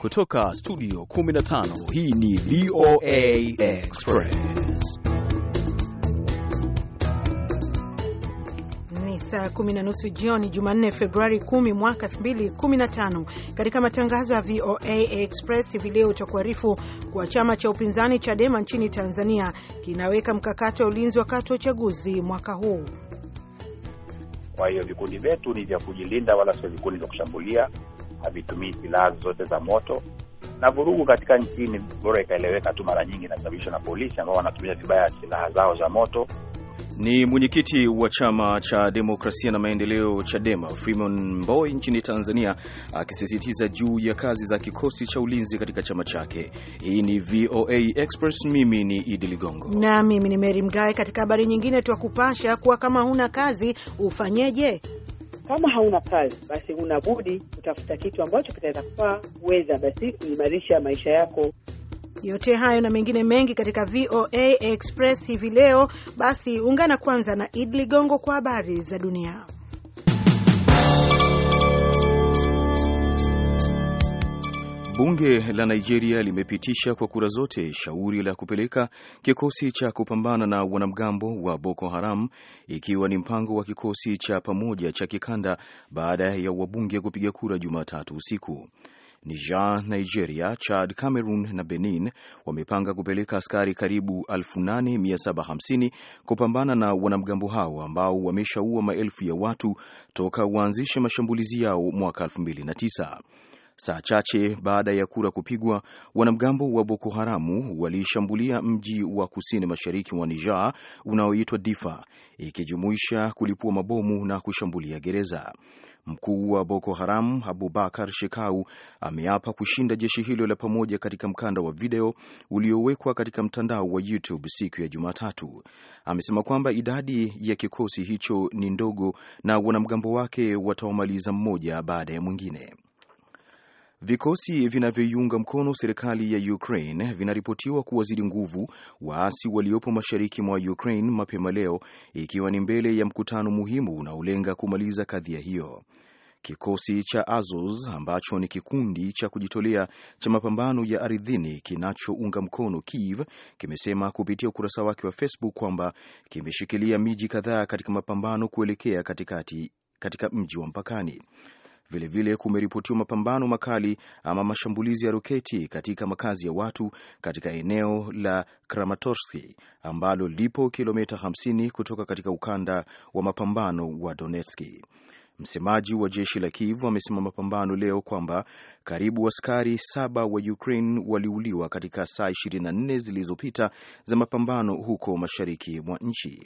kutoka studio 15 hii ni VOA Express ni saa kumi na nusu jioni Jumanne Februari 10 mwaka 2015 katika matangazo ya VOA Express hivi leo utakuarifu kuwa chama cha upinzani Chadema nchini Tanzania kinaweka mkakati wa ulinzi wakati wa uchaguzi mwaka huu kwa hiyo vikundi vyetu ni vya kujilinda, wala sio vikundi vya kushambulia, havitumii silaha zote za moto. Na vurugu katika nchi ni bora ikaeleweka tu, mara nyingi inasababishwa na polisi ambao wanatumia vibaya silaha zao za moto ni mwenyekiti wa chama cha demokrasia na maendeleo Chadema, Freeman Mbowe nchini Tanzania, akisisitiza juu ya kazi za kikosi cha ulinzi katika chama chake. Hii ni VOA Express, mimi ni Idi Ligongo na mimi ni Meri Mgawe. Katika habari nyingine, twakupasha kuwa kama huna kazi ufanyeje? Kama hauna kazi basi, unabudi budi kutafuta kitu ambacho kitaweza kufaa kuweza basi kuimarisha maisha yako. Yote hayo na mengine mengi katika VOA Express hivi leo. Basi ungana kwanza na Idi Ligongo kwa habari za dunia. Bunge la Nigeria limepitisha kwa kura zote shauri la kupeleka kikosi cha kupambana na wanamgambo wa Boko Haram ikiwa ni mpango wa kikosi cha pamoja cha kikanda baada ya wabunge kupiga kura Jumatatu usiku. Niger, Nigeria, Chad, Cameroon na Benin wamepanga kupeleka askari karibu 8750 kupambana na wanamgambo hao ambao wameshaua maelfu ya watu toka waanzishe mashambulizi yao mwaka 2009. Saa chache baada ya kura kupigwa, wanamgambo wa Boko Haramu walishambulia mji wa kusini mashariki mwa Niger unaoitwa Difa, ikijumuisha kulipua mabomu na kushambulia gereza. Mkuu wa Boko Haram Abubakar Shekau ameapa kushinda jeshi hilo la pamoja katika mkanda wa video uliowekwa katika mtandao wa YouTube siku ya Jumatatu. Amesema kwamba idadi ya kikosi hicho ni ndogo na wanamgambo wake watawamaliza mmoja baada ya mwingine. Vikosi vinavyoiunga mkono serikali ya Ukraine vinaripotiwa kuwazidi nguvu waasi waliopo mashariki mwa Ukraine mapema leo, ikiwa ni mbele ya mkutano muhimu unaolenga kumaliza kadhia hiyo. Kikosi cha Azov ambacho ni kikundi cha kujitolea cha mapambano ya ardhini kinachounga mkono Kiev kimesema kupitia ukurasa wake wa Facebook kwamba kimeshikilia miji kadhaa katika mapambano kuelekea katikati katika mji wa mpakani. Vilevile kumeripotiwa mapambano makali ama mashambulizi ya roketi katika makazi ya watu katika eneo la kramatorski ambalo lipo kilomita 50 kutoka katika ukanda wa mapambano wa Donetski. Msemaji wa jeshi la Kiev amesema mapambano leo kwamba karibu askari saba wa Ukraine waliuliwa katika saa 24 zilizopita za mapambano huko mashariki mwa nchi.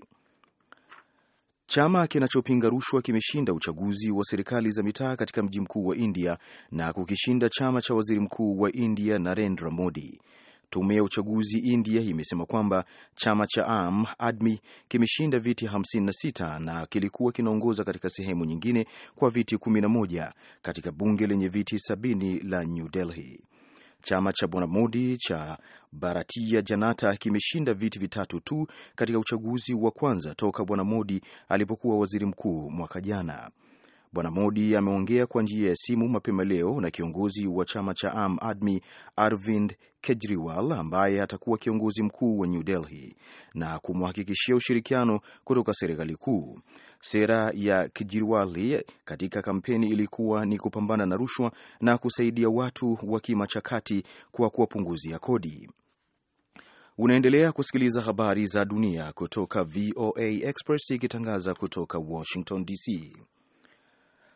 Chama kinachopinga rushwa kimeshinda uchaguzi wa serikali za mitaa katika mji mkuu wa India na kukishinda chama cha waziri mkuu wa India Narendra Modi. Tume ya uchaguzi India imesema kwamba chama cha Aam Admi kimeshinda viti 56 na kilikuwa kinaongoza katika sehemu nyingine kwa viti 11 katika bunge lenye viti 70 la New Delhi. Chama cha bwana Modi cha Baratia Janata kimeshinda viti vitatu tu katika uchaguzi wa kwanza toka Bwana Modi alipokuwa waziri mkuu mwaka jana. Bwana Modi ameongea kwa njia ya simu mapema leo na kiongozi wa chama cha Aam Admi Arvind Kejriwal ambaye atakuwa kiongozi mkuu wa New Delhi na kumhakikishia ushirikiano kutoka serikali kuu. Sera ya kejriwali katika kampeni ilikuwa ni kupambana na rushwa na kusaidia watu wa kima cha kati kwa kuwapunguzia kodi. Unaendelea kusikiliza habari za dunia kutoka VOA Express ikitangaza kutoka Washington DC.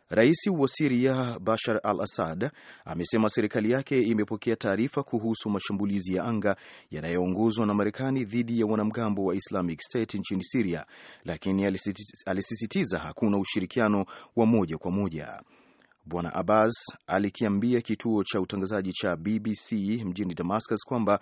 Rais wa Siria Bashar al Assad amesema serikali yake imepokea taarifa kuhusu mashambulizi ya anga yanayoongozwa na Marekani dhidi ya wanamgambo wa Islamic State nchini Siria, lakini alisisitiza hakuna ushirikiano wa moja kwa moja. Bwana Abbas alikiambia kituo cha utangazaji cha BBC mjini Damascus kwamba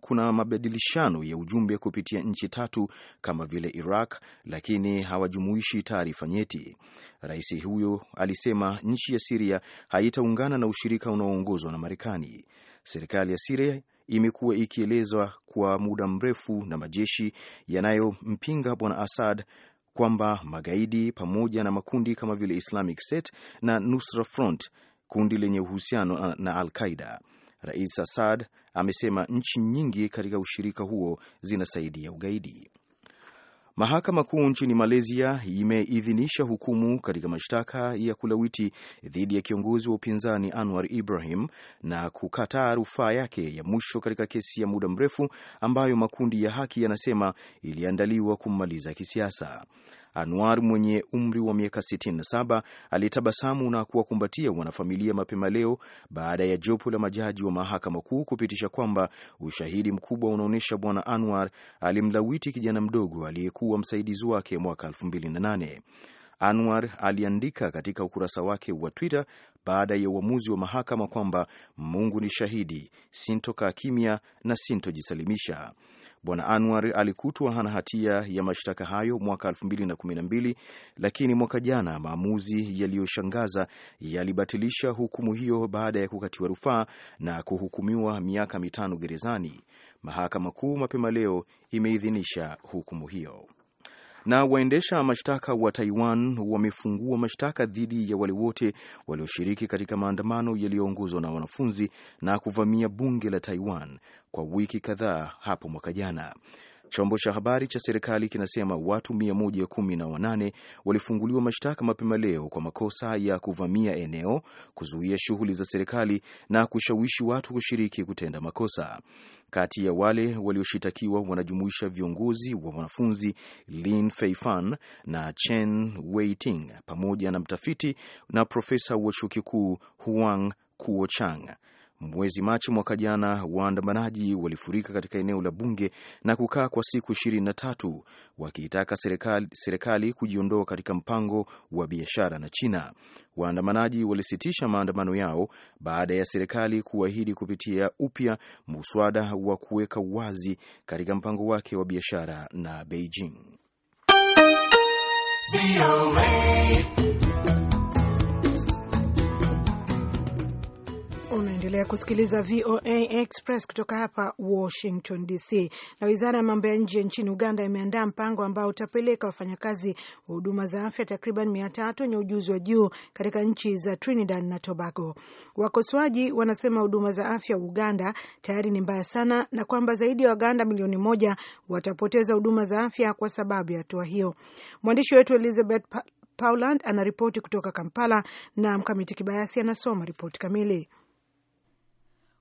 kuna mabadilishano ya ujumbe kupitia nchi tatu kama vile Iraq, lakini hawajumuishi taarifa nyeti. Rais huyo alisema nchi ya Siria haitaungana na ushirika unaoongozwa na Marekani. Serikali ya Siria imekuwa ikielezwa kwa muda mrefu na majeshi yanayompinga Bwana Assad kwamba magaidi pamoja na makundi kama vile Islamic State na Nusra Front, kundi lenye uhusiano na Al-Qaida. Rais Assad amesema nchi nyingi katika ushirika huo zinasaidia ugaidi. Mahakama Kuu nchini Malaysia imeidhinisha hukumu katika mashtaka ya kulawiti dhidi ya kiongozi wa upinzani Anwar Ibrahim na kukataa rufaa yake ya mwisho katika kesi ya muda mrefu ambayo makundi ya haki yanasema iliandaliwa kummaliza kisiasa. Anwar mwenye umri wa miaka 67 alitabasamu na kuwakumbatia wanafamilia mapema leo baada ya jopo la majaji wa mahakama kuu kupitisha kwamba ushahidi mkubwa unaonyesha Bwana Anwar alimlawiti kijana mdogo aliyekuwa msaidizi wake mwaka 2008. Anwar aliandika katika ukurasa wake wa Twitter baada ya uamuzi wa mahakama kwamba Mungu ni shahidi, sintokaa kimya na sintojisalimisha. Bwana Anwar alikutwa hana hatia ya mashtaka hayo mwaka 2012 lakini mwaka jana maamuzi yaliyoshangaza yalibatilisha hukumu hiyo baada ya kukatiwa rufaa na kuhukumiwa miaka mitano gerezani. Mahakama Kuu mapema leo imeidhinisha hukumu hiyo. Na waendesha mashtaka wa Taiwan wamefungua mashtaka dhidi ya wale wote walioshiriki katika maandamano yaliyoongozwa na wanafunzi na kuvamia bunge la Taiwan kwa wiki kadhaa hapo mwaka jana. Chombo cha habari cha serikali kinasema watu 118 walifunguliwa mashtaka mapema leo kwa makosa ya kuvamia eneo, kuzuia shughuli za serikali na kushawishi watu kushiriki kutenda makosa. Kati ya wale walioshitakiwa wanajumuisha viongozi wa wanafunzi Lin Feifan na Chen Weiting pamoja na mtafiti na profesa wa chuo kikuu Huang kuochang Chang. Mwezi Machi mwaka jana, waandamanaji walifurika katika eneo la bunge na kukaa kwa siku ishirini na tatu wakiitaka serikali, serikali kujiondoa katika mpango wa biashara na China. Waandamanaji walisitisha maandamano yao baada ya serikali kuahidi kupitia upya muswada wa kuweka uwazi katika mpango wake wa biashara na Beijing. Unaendelea kusikiliza VOA Express kutoka hapa Washington DC. Na wizara ya mambo ya nje nchini Uganda imeandaa mpango ambao utapeleka wafanyakazi wa huduma za afya takriban mia tatu wenye ujuzi wa juu katika nchi za Trinidad na Tobago. Wakosoaji wanasema huduma za afya Uganda tayari ni mbaya sana na kwamba zaidi ya wa Waganda milioni moja watapoteza huduma za afya kwa sababu ya hatua hiyo. Mwandishi wetu Elizabeth Pauland anaripoti kutoka Kampala na Mkamiti Kibayasi anasoma ripoti kamili.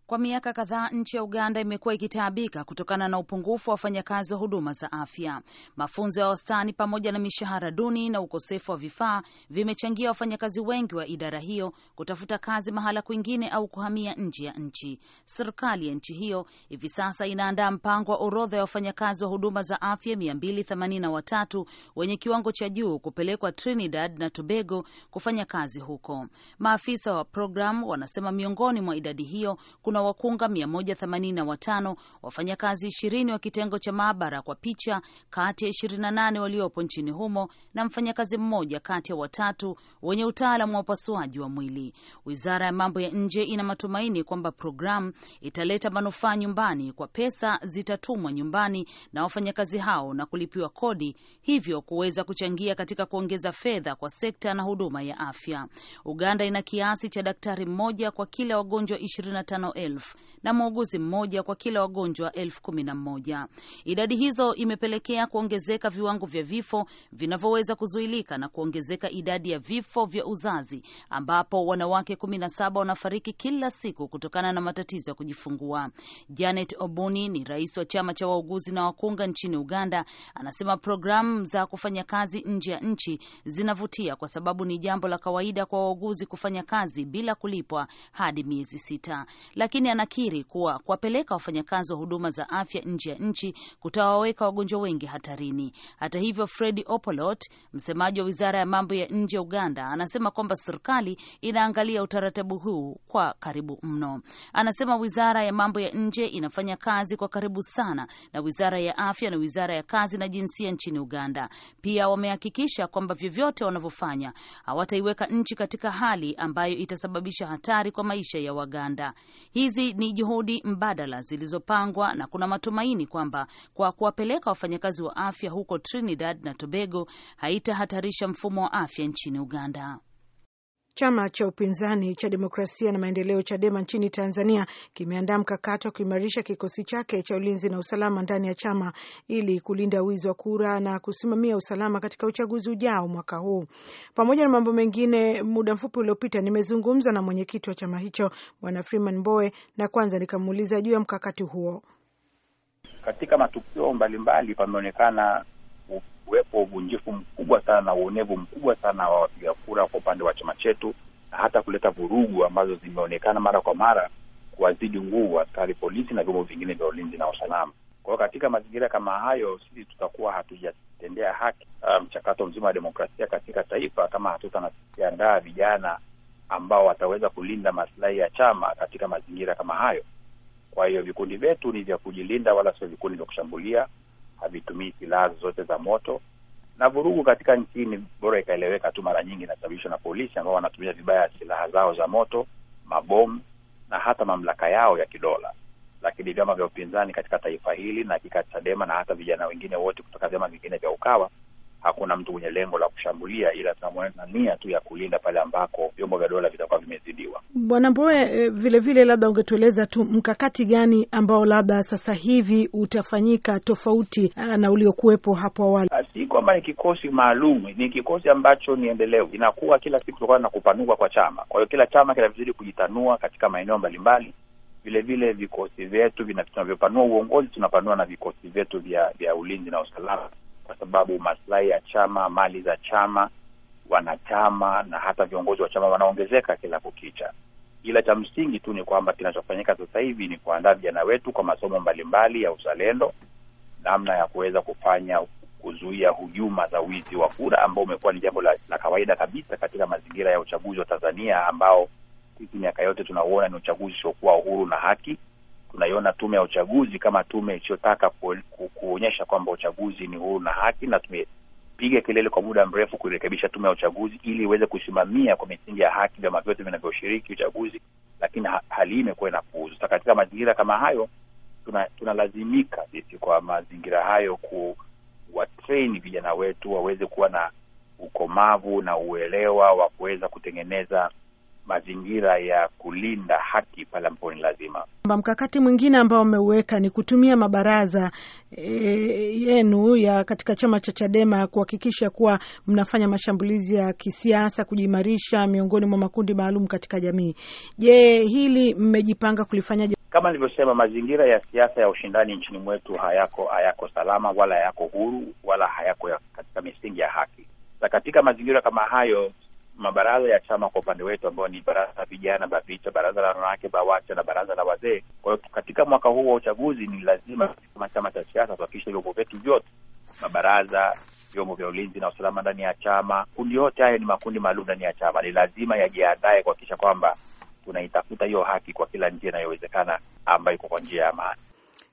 Kwa miaka kadhaa nchi ya Uganda imekuwa ikitaabika kutokana na upungufu wa wafanyakazi wa huduma za afya. Mafunzo ya wastani pamoja na mishahara duni na ukosefu wa vifaa vimechangia wafanyakazi wengi wa idara hiyo kutafuta kazi mahala kwingine au kuhamia nje ya nchi. Serikali ya nchi hiyo hivi sasa inaandaa mpango wa orodha ya wafanyakazi wa huduma za afya 283 wenye kiwango cha juu kupelekwa Trinidad na Tobago kufanya kazi huko. Maafisa wa programu wanasema miongoni mwa idadi hiyo kuna kuna wakunga 185 wafanyakazi 20 wa kitengo cha maabara kwa picha kati ya 28 waliopo nchini humo na mfanyakazi mmoja kati ya watatu wenye utaalamu wa upasuaji wa mwili. Wizara ya mambo ya nje ina matumaini kwamba programu italeta manufaa nyumbani, kwa pesa zitatumwa nyumbani na wafanyakazi hao na kulipiwa kodi, hivyo kuweza kuchangia katika kuongeza fedha kwa sekta na huduma ya afya. Uganda ina kiasi cha daktari mmoja kwa kila wagonjwa 25,000 elfu na muuguzi mmoja kwa kila wagonjwa elfu kumi na mmoja. Idadi hizo imepelekea kuongezeka viwango vya vifo vinavyoweza kuzuilika na kuongezeka idadi ya vifo vya uzazi ambapo wanawake 17 wanafariki kila siku kutokana na matatizo ya kujifungua. Janet Obuni ni rais wa chama cha wauguzi na wakunga nchini Uganda. Anasema programu za kufanya kazi nje ya nchi zinavutia kwa sababu ni jambo la kawaida kwa wauguzi kufanya kazi bila kulipwa hadi miezi sita, lakini lakini anakiri kuwa kuwapeleka wafanyakazi wa huduma za afya nje ya nchi kutawaweka wagonjwa wengi hatarini. Hata hivyo, Fredi Opolot, msemaji wa wizara ya mambo ya nje ya Uganda, anasema kwamba serikali inaangalia utaratibu huu kwa karibu mno. Anasema wizara ya mambo ya nje inafanya kazi kwa karibu sana na wizara ya afya na wizara ya kazi na jinsia nchini Uganda. Pia wamehakikisha kwamba vyovyote wanavyofanya hawataiweka nchi katika hali ambayo itasababisha hatari kwa maisha ya Waganda. Hizi ni juhudi mbadala zilizopangwa na kuna matumaini kwamba kwa kuwapeleka wafanyakazi wa afya huko Trinidad na Tobago haitahatarisha mfumo wa afya nchini Uganda. Chama cha upinzani cha demokrasia na maendeleo Chadema nchini Tanzania kimeandaa mkakati wa kuimarisha kikosi chake cha ulinzi na usalama ndani ya chama ili kulinda wizi wa kura na kusimamia usalama katika uchaguzi ujao mwaka huu. Pamoja na mambo mengine, muda mfupi uliopita nimezungumza na mwenyekiti wa chama hicho Bwana Freeman Mbowe, na kwanza nikamuuliza juu ya mkakati huo. Katika matukio mbalimbali pameonekana kuwepo uvunjifu mkubwa sana na uonevu mkubwa sana wa wapiga kura kwa upande wa chama chetu, na hata kuleta vurugu ambazo zimeonekana mara kwa mara kuwazidi nguvu askari polisi na vyombo vingine vya ulinzi na usalama. Kwa hiyo katika mazingira kama hayo, sisi tutakuwa hatujatendea haki uh, mchakato um, mzima wa demokrasia katika taifa kama hatutaiandaa vijana ambao wataweza kulinda masilahi ya chama katika mazingira kama hayo. Kwa hiyo vikundi vyetu ni vya kujilinda, wala sio vikundi vya kushambulia havitumii silaha zozote za moto, na vurugu katika nchini bora ikaeleweka tu, mara nyingi inasababishwa na polisi ambao wanatumia vibaya silaha zao za moto, mabomu na hata mamlaka yao ya kidola. Lakini vyama vya upinzani katika taifa hili na hakika Chadema na hata vijana wengine wote kutoka vyama vingine vya Ukawa hakuna mtu mwenye lengo la kushambulia, ila tunamwona nia tu ya kulinda pale ambako vyombo vya dola vitakuwa vimezidiwa. Bwana mboe eh, vilevile labda ungetueleza tu mkakati gani ambao labda sasa hivi utafanyika tofauti eh, na uliokuwepo hapo awali? Ah, si kwamba ni kikosi maalum, ni kikosi ambacho ni endelevu, inakuwa kila siku kutokana na kupanuka kwa chama. Kwa hiyo kila chama kinavizidi kujitanua katika maeneo mbalimbali vilevile vikosi vyetu vinavyopanua uongozi, tunapanua na vikosi vyetu vya, vya ulinzi na usalama kwa sababu maslahi ya chama, mali za chama, wanachama na hata viongozi wa chama wanaongezeka kila kukicha. Ila cha msingi tu ni kwamba kinachofanyika sasa hivi ni kuandaa vijana wetu kwa masomo mbalimbali ya uzalendo, namna ya kuweza kufanya kuzuia hujuma za wizi wa kura ambao umekuwa ni jambo la, la kawaida kabisa katika mazingira ya uchaguzi wa Tanzania ambao sisi miaka yote tunauona ni uchaguzi usiokuwa uhuru na haki tunaiona tume ya uchaguzi kama tume isiyotaka kuonyesha kwamba uchaguzi ni huru na haki, na tumepiga kelele kwa muda mrefu kuirekebisha tume ya uchaguzi ili iweze kusimamia kwa misingi ya haki vyama vyote vinavyoshiriki uchaguzi, lakini ha hali hii imekuwa inapuuzwa. Sasa katika mazingira kama hayo, tunalazimika tuna sisi kwa mazingira hayo kuwatrain vijana wetu waweze kuwa na ukomavu na uelewa wa kuweza kutengeneza mazingira ya kulinda haki pale ambapo ni lazima. Mkakati mwingine ambao umeuweka ni kutumia mabaraza e, yenu ya katika chama cha Chadema kuhakikisha kuwa mnafanya mashambulizi ya kisiasa kujiimarisha miongoni mwa makundi maalum katika jamii. Je, hili mmejipanga kulifanya Kama nilivyosema, mazingira ya siasa ya ushindani nchini mwetu hayako hayako salama wala hayako huru wala hayako ya katika misingi ya haki, na katika mazingira kama hayo mabaraza ya chama kwa upande wetu ambayo ni baraza la vijana BAVICHA, baraza la wanawake BAWACHA na baraza la wazee. Kwa hiyo katika mwaka huu wa uchaguzi ni lazima kama chama cha siasa tuhakikishe vyombo vyetu vyote, mabaraza, vyombo vya ulinzi na usalama ndani ya chama, kundi yote haya ni makundi maalum ndani ya chama, ni lazima yajiandae kuhakikisha kwamba tunaitafuta hiyo haki kwa kila njia inayowezekana ambayo iko kwa njia ya amani.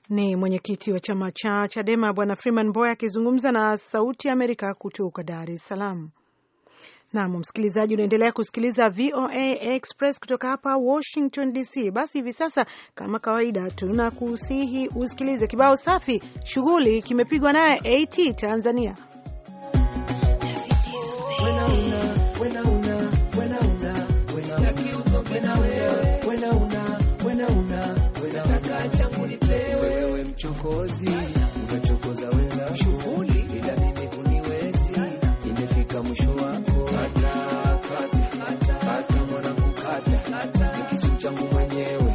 Ni mwenyekiti wa chama cha Chadema Bwana Freeman Boy akizungumza na Sauti ya Amerika kutoka Dar es Salaam. Nam msikilizaji, unaendelea kusikiliza VOA Express kutoka hapa Washington DC. Basi hivi sasa, kama kawaida, tunakusihi usikilize kibao safi shughuli kimepigwa naye AT Tanzania wewe mchokozi mwenyewe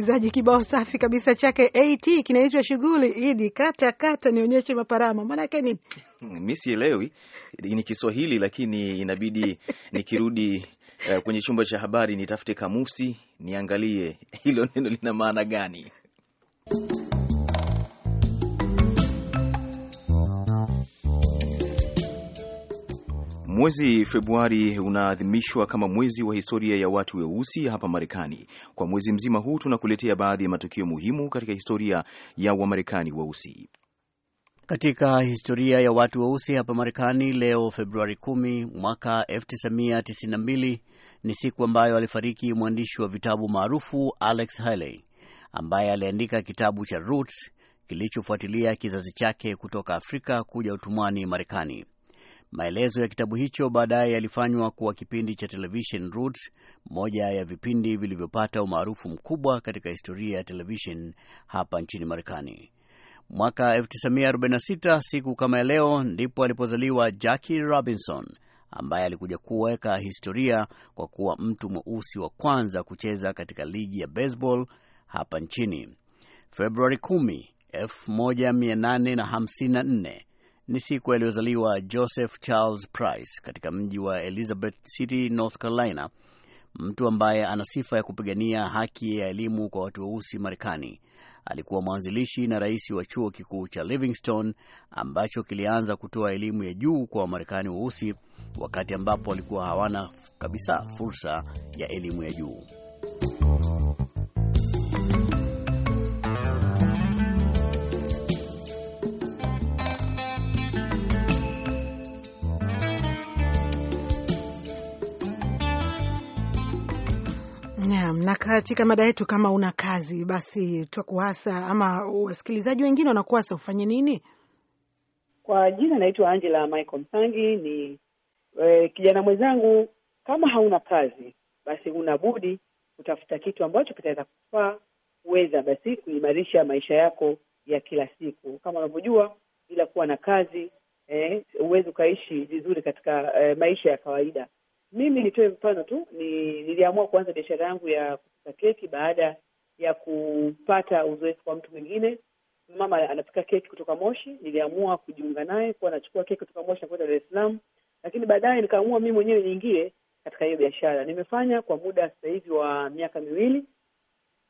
msikilizaji, kibao safi kabisa chake AT kinaitwa shughuli idi kata kata, nionyeshe maparama, maanake nini? Hmm, mi sielewi ni Kiswahili, lakini inabidi nikirudi uh, kwenye chumba cha habari nitafute kamusi niangalie hilo neno lina maana gani. Mwezi Februari unaadhimishwa kama mwezi wa historia ya watu weusi hapa Marekani. Kwa mwezi mzima huu tunakuletea baadhi ya matukio muhimu katika historia ya Wamarekani weusi. Katika historia ya watu weusi hapa Marekani, leo Februari 10 mwaka 1992 ni siku ambayo alifariki mwandishi wa vitabu maarufu Alex Haley ambaye aliandika kitabu cha Roots kilichofuatilia kizazi chake kutoka Afrika kuja utumwani Marekani. Maelezo ya kitabu hicho baadaye yalifanywa kuwa kipindi cha television Roots, moja ya vipindi vilivyopata umaarufu mkubwa katika historia ya television hapa nchini Marekani. Mwaka 1946 siku kama ya leo, ndipo alipozaliwa Jackie Robinson ambaye alikuja kuweka historia kwa kuwa mtu mweusi wa kwanza kucheza katika ligi ya baseball hapa nchini. Februari 10, 1854 ni siku aliyozaliwa Joseph Charles Price katika mji wa Elizabeth City, North Carolina, mtu ambaye ana sifa ya kupigania haki ya elimu kwa watu weusi Marekani. Alikuwa mwanzilishi na rais wa chuo kikuu cha Livingstone ambacho kilianza kutoa elimu ya juu kwa Wamarekani weusi wakati ambapo walikuwa hawana kabisa fursa ya elimu ya juu. na katika mada yetu, kama una kazi basi twakuhasa ama wasikilizaji wengine wanakuasa ufanye nini? Kwa jina naitwa Angela Michael Msangi. Ni e, kijana mwenzangu, kama hauna kazi basi una budi kutafuta kitu ambacho kitaweza kufaa kuweza basi kuimarisha maisha yako ya kila siku. Kama unavyojua, bila kuwa na kazi eh, huwezi ukaishi vizuri katika eh, maisha ya kawaida. Mimi nitoe mfano tu ni, niliamua kuanza biashara yangu ya kupika keki baada ya kupata uzoefu kwa mtu mwingine. Mama anapika keki kutoka Moshi, niliamua kujiunga naye kuwa anachukua keki kutoka Moshi na kwenda Dar es Salaam, lakini baadaye nikaamua mii mwenyewe niingie katika hiyo biashara. Nimefanya kwa muda sasa hivi wa miaka miwili,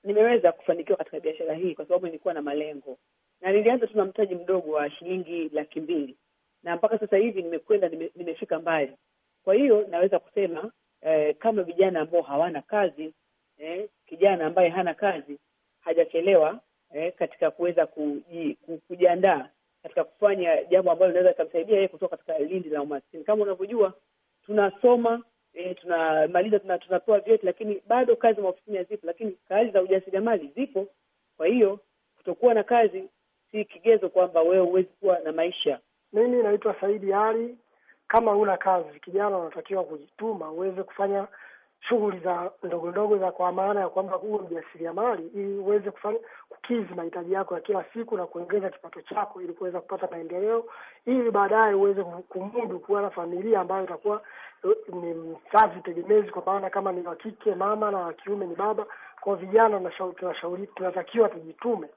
nimeweza kufanikiwa katika biashara hii kwa sababu nilikuwa na malengo, na nilianza tu na mtaji mdogo wa shilingi laki mbili na mpaka sasa hivi nimekwenda, nimefika mbali kwa hiyo naweza kusema eh, kama vijana ambao hawana kazi eh, kijana ambaye hana kazi hajachelewa eh, katika kuweza kujiandaa katika kufanya jambo ambalo linaweza ikamsaidia yeye kutoka katika lindi la umaskini. Kama unavyojua tunasoma eh, tunamaliza tuna, tunapewa vyeti lakini bado kazi maofisini hazipo, lakini kazi za ujasiriamali zipo. Kwa hiyo kutokuwa na kazi si kigezo kwamba wewe huwezi kuwa na maisha. Mimi naitwa Saidi Ali, kama una kazi, kijana unatakiwa kujituma uweze kufanya shughuli za ndogo ndogo za kwa maana ya kwamba huwe mjasiriamali, ili uweze kufanya kukizi mahitaji yako ya kila siku na kuongeza kipato chako ili kuweza kupata maendeleo, ili baadaye uweze kumudu kuwa na familia ambayo itakuwa eh, ni mzazi tegemezi, kwa maana kama ni wakike mama na wakiume ni baba. Kwa vijana tunashauri, tunatakiwa tujitume,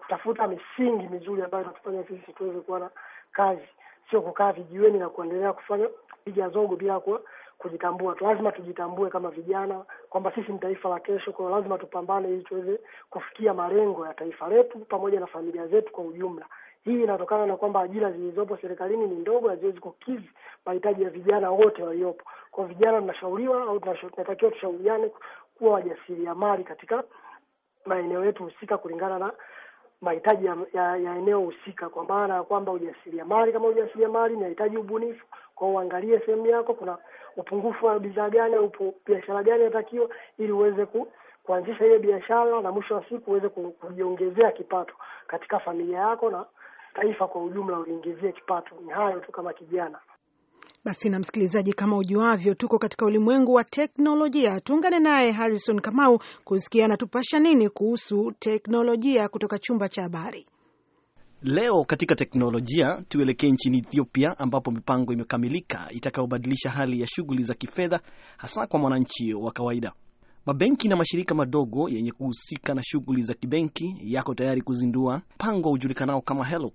kutafuta misingi mizuri ambayo itatufanya sisi tuweze kuwa na kazi sio kukaa vijiweni na kuendelea kufanya piga zogo bila ku, kujitambua. Lazima tujitambue kama vijana kwamba sisi ni taifa la kesho, kwa lazima tupambane ili tuweze kufikia malengo ya taifa letu pamoja na familia zetu kwa ujumla. Hii inatokana na kwamba ajira zilizopo serikalini ni ndogo, haziwezi kukidhi mahitaji ya vijana wote waliopo. Kwa vijana, tunashauriwa au tunatakiwa tushauriane kuwa wajasiriamali katika maeneo yetu husika kulingana na mahitaji ya, ya, ya eneo husika, kwa maana ya kwamba ujasiriamali, kama ujasiriamali inahitaji ubunifu, kwa uangalie sehemu yako kuna upungufu wa bidhaa gani au biashara gani inatakiwa, ili uweze ku, kuanzisha ile biashara na mwisho wa siku uweze kujiongezea kipato katika familia yako na taifa kwa ujumla, uliingizie kipato. Ni hayo tu kama kijana. Basi na msikilizaji, kama ujuavyo, tuko katika ulimwengu wa teknolojia. Tuungane naye Harrison Kamau kusikia anatupasha nini kuhusu teknolojia kutoka chumba cha habari. Leo katika teknolojia tuelekee nchini Ethiopia ambapo mipango imekamilika itakayobadilisha hali ya shughuli za kifedha hasa kwa mwananchi wa kawaida. Mabenki na mashirika madogo yenye kuhusika na shughuli za kibenki yako tayari kuzindua mpango wa ujulikanao kama Hello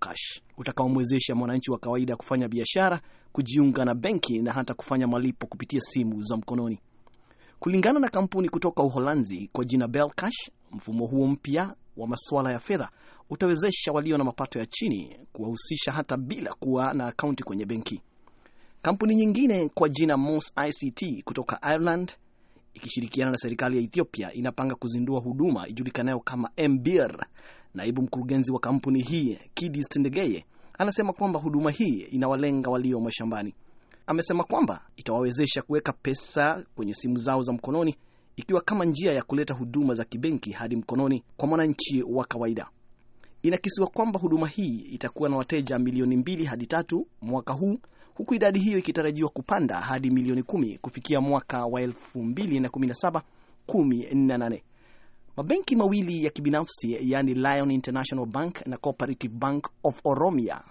utakaomwezesha mwananchi wa kawaida kufanya biashara, kujiunga na benki na hata kufanya malipo kupitia simu za mkononi. Kulingana na kampuni kutoka Uholanzi kwa jina Belcash, mfumo huo mpya wa masuala ya fedha utawezesha walio na mapato ya chini kuwahusisha hata bila kuwa na akaunti kwenye benki. Kampuni nyingine kwa jina Moss ICT kutoka Ireland ikishirikiana na serikali ya Ethiopia inapanga kuzindua huduma ijulikanayo kama MBR. Naibu mkurugenzi wa kampuni hii Kidis Tendegeye anasema kwamba huduma hii inawalenga walio mashambani. Amesema kwamba itawawezesha kuweka pesa kwenye simu zao za mkononi ikiwa kama njia ya kuleta huduma za kibenki hadi mkononi kwa mwananchi wa kawaida. Inakisiwa kwamba huduma hii itakuwa na wateja milioni mbili hadi tatu mwaka huu huku idadi hiyo ikitarajiwa kupanda hadi milioni kumi kufikia mwaka wa 2017 18. Mabenki mawili ya kibinafsi yani Lion International Bank na Cooperative Bank of Oromia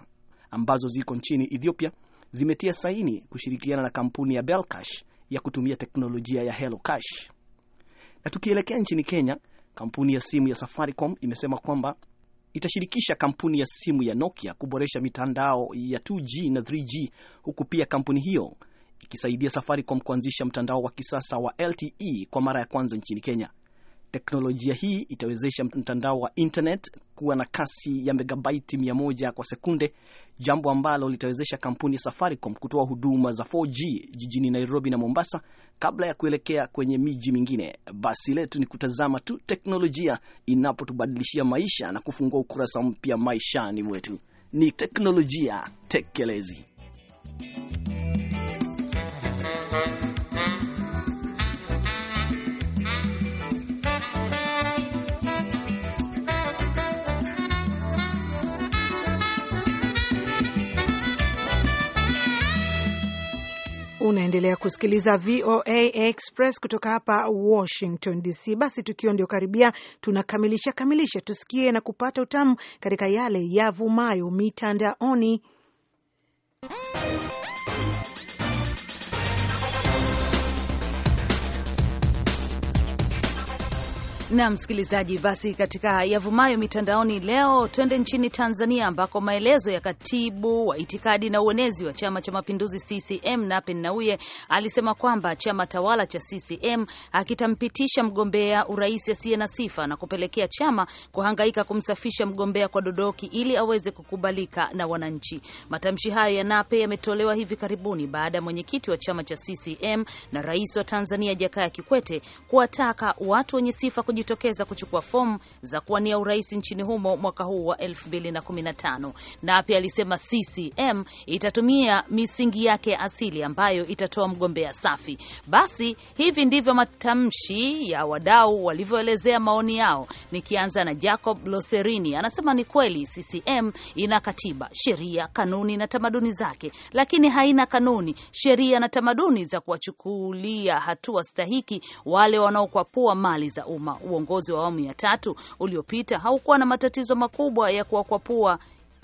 ambazo ziko nchini Ethiopia zimetia saini kushirikiana na kampuni ya Belcash ya kutumia teknolojia ya Hello Cash. Na tukielekea nchini Kenya, kampuni ya simu ya Safaricom imesema kwamba itashirikisha kampuni ya simu ya Nokia kuboresha mitandao ya 2G na 3G, huku pia kampuni hiyo ikisaidia Safaricom kuanzisha mtandao wa kisasa wa LTE kwa mara ya kwanza nchini Kenya. Teknolojia hii itawezesha mtandao wa internet kuwa na kasi ya megabaiti 100 kwa sekunde, jambo ambalo litawezesha kampuni ya Safaricom kutoa huduma za 4G jijini Nairobi na Mombasa kabla ya kuelekea kwenye miji mingine. Basi letu ni kutazama tu teknolojia inapotubadilishia maisha na kufungua ukurasa mpya maishani mwetu. Ni teknolojia tekelezi. Unaendelea kusikiliza VOA Express kutoka hapa Washington DC. Basi tukio ndio karibia tunakamilisha kamilisha, tusikie na kupata utamu katika yale yavumayo mitandaoni. Na msikilizaji, basi katika yavumayo mitandaoni leo twende nchini Tanzania ambako maelezo ya katibu wa itikadi na uenezi wa Chama cha Mapinduzi CCM Nape Nnauye alisema kwamba chama tawala cha CCM akitampitisha mgombea urais asiye na sifa na kupelekea chama kuhangaika kumsafisha mgombea kwa dodoki ili aweze kukubalika na wananchi. Matamshi hayo ya Nape yametolewa hivi karibuni baada ya mwenyekiti wa chama cha CCM na rais wa Tanzania Jakaya Kikwete kuwataka watu wenye sifa kujitokeza kuchukua fomu za kuwania urais nchini humo mwaka huu wa 2015 na pia alisema CCM itatumia misingi yake ya asili ambayo itatoa mgombea safi. Basi hivi ndivyo matamshi ya wadau walivyoelezea maoni yao, nikianza na Jacob Loserini. Anasema ni kweli CCM ina katiba, sheria, kanuni na tamaduni zake, lakini haina kanuni, sheria na tamaduni za kuwachukulia hatua stahiki wale wanaokwapua mali za umma uongozi wa awamu ya tatu uliopita haukuwa na matatizo makubwa ya kuwakwapua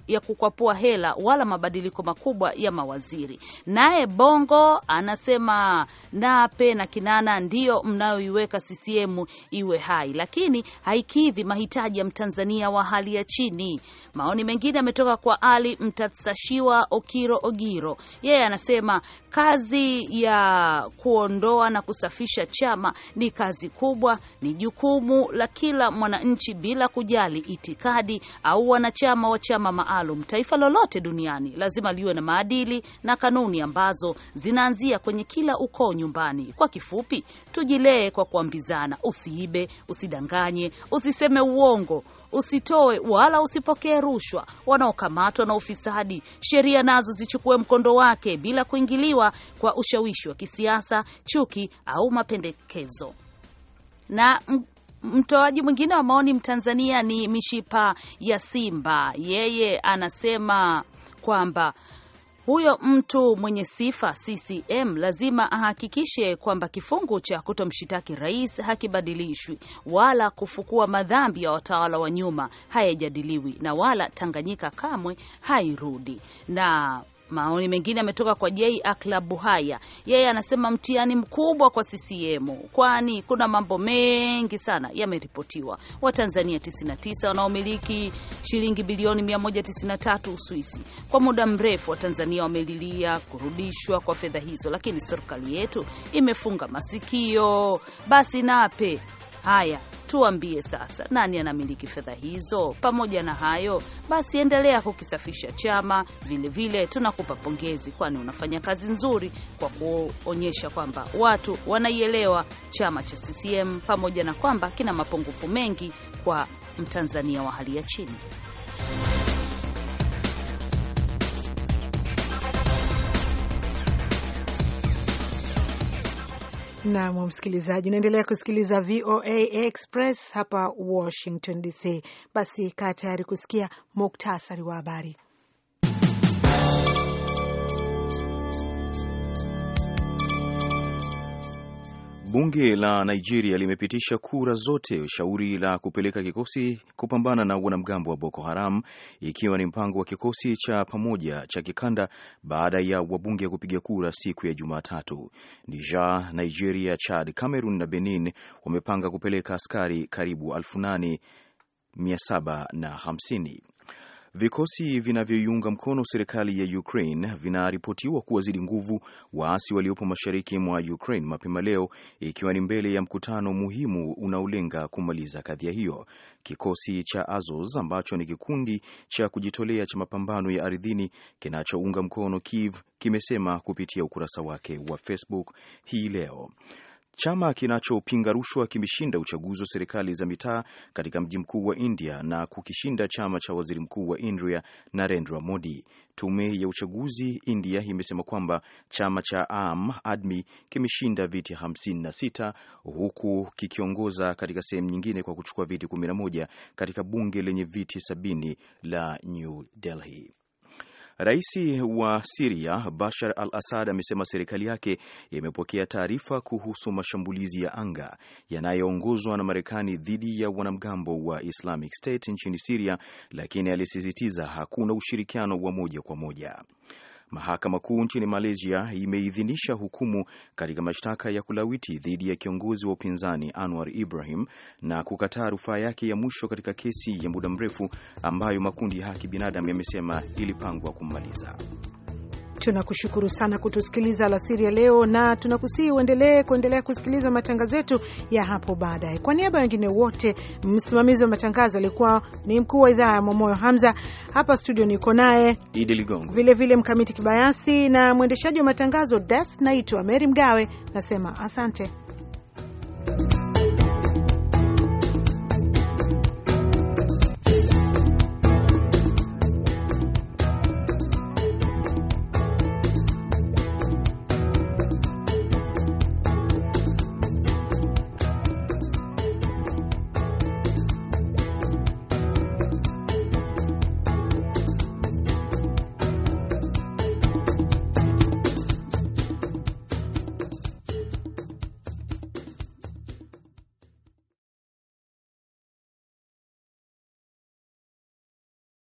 ya kukwapua hela wala mabadiliko makubwa ya mawaziri. Naye Bongo anasema Nape na Kinana ndiyo mnayoiweka CCM iwe hai, lakini haikidhi mahitaji ya Mtanzania wa hali ya chini. Maoni mengine ametoka kwa Ali mtasashiwa Okiro Ogiro, yeye anasema kazi ya kuondoa na kusafisha chama ni kazi kubwa, ni jukumu la kila mwananchi bila kujali itikadi au wanachama wa chama maalum, taifa lolote duniani lazima liwe na maadili na kanuni ambazo zinaanzia kwenye kila ukoo nyumbani. Kwa kifupi, tujilee kwa kuambizana: usiibe, usidanganye, usiseme uongo usitoe wala usipokee rushwa. Wanaokamatwa na ufisadi, sheria nazo zichukue mkondo wake bila kuingiliwa kwa ushawishi wa kisiasa, chuki au mapendekezo. Na Mtoaji mwingine wa maoni Mtanzania ni mishipa ya Simba, yeye anasema kwamba huyo mtu mwenye sifa CCM lazima ahakikishe kwamba kifungu cha kutomshitaki rais hakibadilishwi wala kufukua madhambi ya watawala wa nyuma hayajadiliwi na wala Tanganyika kamwe hairudi. Na Maoni mengine ametoka kwa J Akla Buhaya, yeye anasema mtihani mkubwa kwa CCM, kwani kuna mambo mengi sana yameripotiwa. Watanzania 99 wanaomiliki shilingi bilioni 193 Uswisi. Kwa muda mrefu Watanzania wamelilia kurudishwa kwa fedha hizo, lakini serikali yetu imefunga masikio. Basi nape Haya, tuambie sasa, nani anamiliki fedha hizo? Pamoja na hayo basi, endelea kukisafisha chama. Vilevile tunakupa pongezi, kwani unafanya kazi nzuri kwa kuonyesha kwamba watu wanaielewa chama cha CCM, pamoja na kwamba kina mapungufu mengi kwa Mtanzania wa hali ya chini. Nam msikilizaji, unaendelea kusikiliza VOA Express hapa Washington DC. Basi kaa tayari kusikia muktasari wa habari. Bunge la Nigeria limepitisha kura zote shauri la kupeleka kikosi kupambana na wanamgambo wa Boko Haram, ikiwa ni mpango wa kikosi cha pamoja cha kikanda baada ya wabunge kupiga kura siku ya Jumatatu. Niger, Nigeria, Chad, Cameroon na Benin wamepanga kupeleka askari karibu elfu nane mia saba na hamsini. Vikosi vinavyoiunga mkono serikali ya Ukraine vinaripotiwa kuwazidi nguvu waasi waliopo mashariki mwa Ukraine mapema leo, ikiwa ni mbele ya mkutano muhimu unaolenga kumaliza kadhia hiyo. Kikosi cha Azov ambacho ni kikundi cha kujitolea cha mapambano ya ardhini kinachounga mkono Kiev kimesema kupitia ukurasa wake wa Facebook hii leo Chama kinachopinga rushwa kimeshinda uchaguzi wa serikali za mitaa katika mji mkuu wa India na kukishinda chama cha waziri mkuu wa India Narendra Modi. Tume ya uchaguzi India imesema kwamba chama cha Aam Admi kimeshinda viti 56 huku kikiongoza katika sehemu nyingine kwa kuchukua viti 11 katika bunge lenye viti sabini la New Delhi. Rais wa Siria Bashar al Assad amesema serikali yake imepokea taarifa kuhusu mashambulizi ya anga yanayoongozwa na Marekani dhidi ya wanamgambo wa Islamic State nchini Siria, lakini alisisitiza hakuna ushirikiano wa moja kwa moja. Mahakama Kuu nchini Malaysia imeidhinisha hukumu katika mashtaka ya kulawiti dhidi ya kiongozi wa upinzani Anwar Ibrahim na kukataa rufaa yake ya mwisho katika kesi ya muda mrefu ambayo makundi ya haki binadamu yamesema ilipangwa kummaliza. Tunakushukuru sana kutusikiliza alasiri ya leo, na tunakusihi uendelee kuendelea kusikiliza matangazo yetu ya hapo baadaye. Kwa niaba ya wengine wote, msimamizi wa matangazo alikuwa ni mkuu wa idhaa ya Mwamoyo Hamza. Hapa studio niko naye Idi Ligongo, vilevile Mkamiti Kibayasi na mwendeshaji wa matangazo Das. Naitwa Meri Mgawe, nasema asante.